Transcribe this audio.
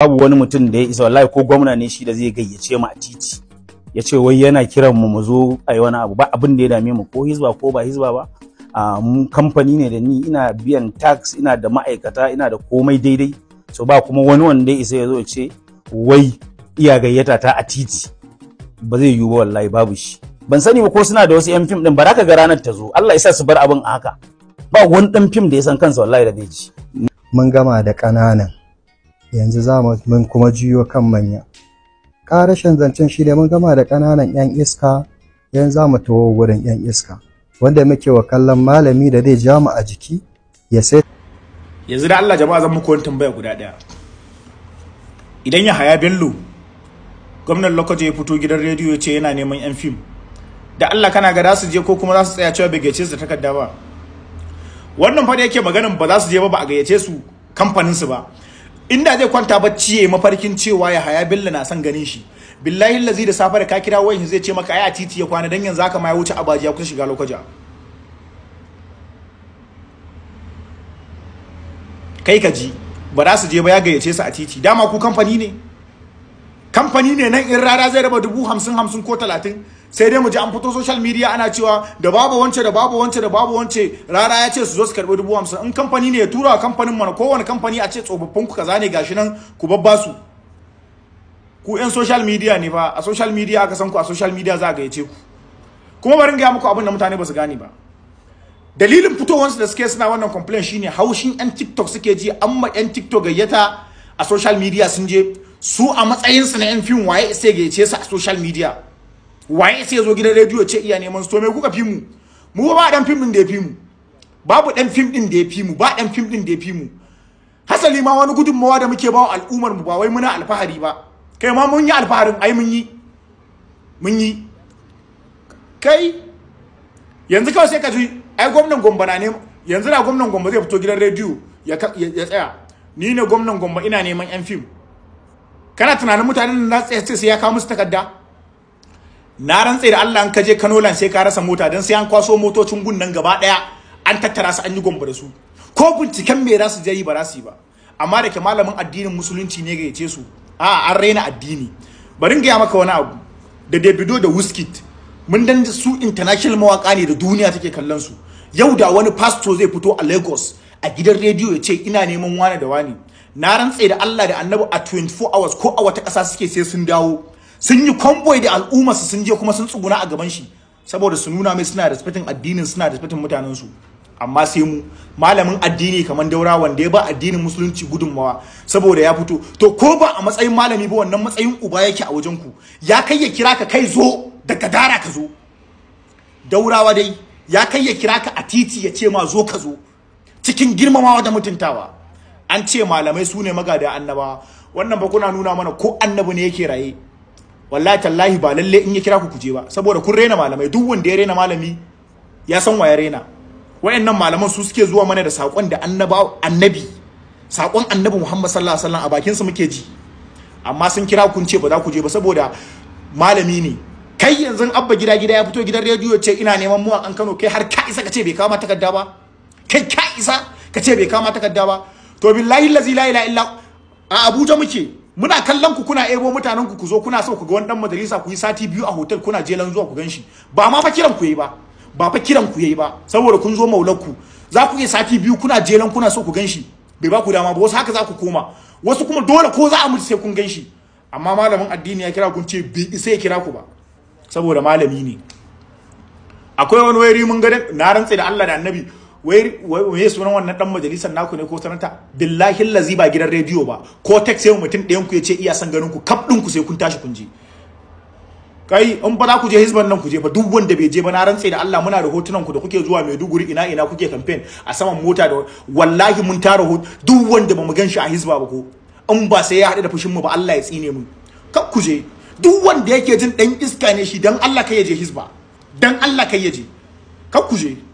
babu wani mutum da ya isa wallahi ko gwamna ne shi da zai gayyace mu a titi ya ce wai yana kiran mu mu zo a yi wani abu ba abin da ya dame mu ko hizba ko ba hizba ba a kamfani ne da ni ina biyan tax ina da ma'aikata ina da komai daidai so ba kuma wani wanda ya isa ya zo ya ce wai iya gayyata ta a titi ba zai yiwu ba wallahi babu shi ban sani ba ko suna da wasu yan fim din ba za ka ga ranar ta zo Allah ya sa su bar abin a haka ba wani dan fim da ya san kansa wallahi da zai ji mun gama da ƙananan yanzu za mun kuma juyo kan manya ƙarashin zancen shi ne mun gama da ƙananan 'yan iska yanzu za mu tawo wurin 'yan iska wanda muke wa kallon malami da zai ja mu a jiki ya sai yanzu da Allah jama'a zan muku wani tambaya guda ɗaya idan ya haya bello gwamnan lokaci ya fito gidan rediyo ya ce yana neman 'yan fim da Allah kana ga za su je ko kuma za su tsaya cewa bai gayyace su da takarda ba wannan fa da yake maganin ba za su je ba ba a gayyace su kamfanin su ba inda zai kwanta bacci ya mafarkin cewa ya haya billa na son ganin shi billahi lazi da safar ka kira wayan zai ce maka ai a titi ya kwana dan yanzu ka ma ya wuce abaji ya kusa shiga lokaja kai ka ji ba za su je ba ya gayyace su a titi dama ku kamfani ne kamfani ne nan in rara zai raba dubu hamsin hamsin ko talatin sai dai mu ji an fito social media ana cewa da babu wance da babu wance da babu wance rara ya ce su zo su karbi dubu hamsin in kamfani ne ya tura kamfanin mana kowane kamfani a ce tsofaffin ku kaza ne gashi nan ku babba su ku yan social media ne ba a social media aka san ku a social media za a gayyace ku kuma bari gaya muku abin da mutane ba su gane ba dalilin fitowansu da suke suna wannan complaint shine haushin yan tiktok suke ji amma yan tiktok gayyata a social media sun je su a matsayinsu na yan fim waye sai gayyace su a social media waye sai ya zo gidan rediyo ce iya neman su to me kuka fi mu mu ba dan fim din da ya fi mu babu dan fim din da ya fi mu ba dan fim din da ya fi mu hasali ma wani gudunmawa da muke bawa al'ummar mu ba wai muna alfahari ba kai ma mun yi alfaharin ai mun yi mun yi kai yanzu kawai sai ka ji ai gwamnan gomba na ne yanzu na gwamnan gomba zai fito gidan rediyo ya tsaya ni ne gwamnan gomba ina neman yan fim kana tunanin mutanen da na sai ya kawo musu takarda na rantse da Allah an kaje lan sai ka rasa mota dan sai an kwaso motocin gunnan gaba daya an tattara su an yi gombara da su ko binciken me za su je yi ba za su yi ba amma da ke malamin addinin musulunci ne ga yace su a an raina addini bari in gaya maka wani abu da Davido da Wizkid mun dan su international mawaka ne da duniya take kallon su yau da wani pastor zai fito a Lagos a gidan rediyo ya ce ina neman wani da wani na rantse da Allah da annabi a 24 hours ko a wata kasa suke sai sun dawo sun yi convoy da al'umma su sun je kuma sun tsuguna a gaban shi saboda su nuna mai suna respecting addinin suna respecting mutanen su amma sai mu malamin addini kamar daura wanda ya ba addinin musulunci gudunmawa saboda ya fito to ko ba a matsayin malami ba wannan matsayin uba yake a wajen ku ya kai ya kira ka kai zo daga dara ka zo daurawa dai ya kai ya kira ka a titi ya ce ma zo ka zo cikin girmamawa da mutuntawa an ce malamai su ne magada annaba wannan ba kuna nuna mana ko annabi ne yake raye wallahi tallahi ba lalle in ya kira ku kuje ba saboda kun rena malamai duk wanda ya rena malami ya san wa ya rena wayannan malaman su suke zuwa mana da sakon da annaba annabi sakon annabi Muhammad sallallahu alaihi wasallam a bakin su muke ji amma sun kira kun ce ba za ku je ba saboda malami ne kai yanzu abba gida gida ya fito gidan rediyo ce ina neman mu a Kano kai har ka isa ka ce bai kama takarda ba kai ka isa ka ce bai kama takarda ba to billahi lazi la ila illa a Abuja muke muna kallon ku kuna ebo mutanen ku ku zo kuna so ku ga wannan dan majalisa ku yi sati biyu a hotel kuna jelan zuwa ku ganshi ba ma fa kiran ku yi ba ba fa kiran ku yi ba saboda kun zo maulanku za ku iya sati biyu kuna jelan kuna so ku ganshi bai ba ku dama ba wasu haka za ku koma wasu kuma dole ko za a mutu sai kun ganshi amma malamin addini ya kira kun ce bi sai ya kira ku ba saboda malami ne akwai wani wayari mun ga na rantsa da Allah da Annabi wai sunan wannan dan majalisar naku ne ko sanata billahi lazi ba gidan rediyo ba ko text sai mutum ɗayan ku ya ce iya san ganin ku kap ɗin ku sai kun tashi kun je kai in ba za ku je hizban nan ku je ba duk wanda bai je ba na rantse da Allah muna da hotunan ku da kuke zuwa duguri ina ina kuke campaign a saman mota da wallahi mun tara hot duk wanda bamu gan shi a hizba ba ko in ba sai ya haɗu da fushin mu ba Allah ya tsine mu kap ku je duk wanda yake jin dan iska ne shi dan Allah kai ya je hizba dan Allah kai ya je kap ku je